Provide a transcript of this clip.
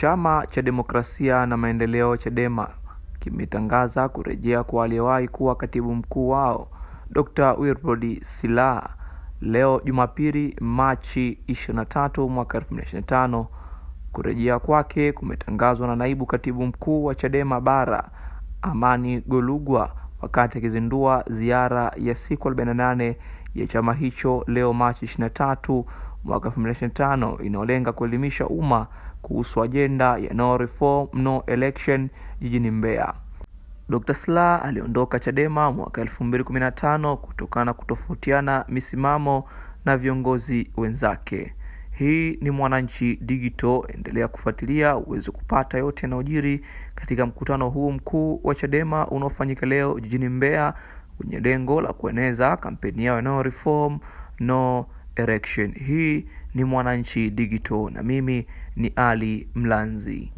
Chama cha Demokrasia na Maendeleo Chadema kimetangaza kurejea kwa aliyewahi kuwa katibu mkuu wao Dr. Wilbrod Slaa leo Jumapili Machi 23 mwaka 2025. Kurejea kwake kumetangazwa na naibu katibu mkuu wa Chadema Bara Amani Golugwa wakati akizindua ziara ya siku 48 ya chama hicho leo Machi 23 mwaka 2025 inayolenga kuelimisha umma kuhusu ajenda ya no reform no election jijini Mbeya. Dr. Slaa aliondoka Chadema mwaka 2015 kutokana na kutofautiana misimamo na viongozi wenzake. Hii ni Mwananchi Digital, endelea kufuatilia uweze kupata yote yanayojiri katika mkutano huu mkuu wa Chadema unaofanyika leo jijini Mbeya, wenye lengo la kueneza kampeni yao no reform no Erection. Hii ni Mwananchi Digital na mimi ni Ali Mlanzi.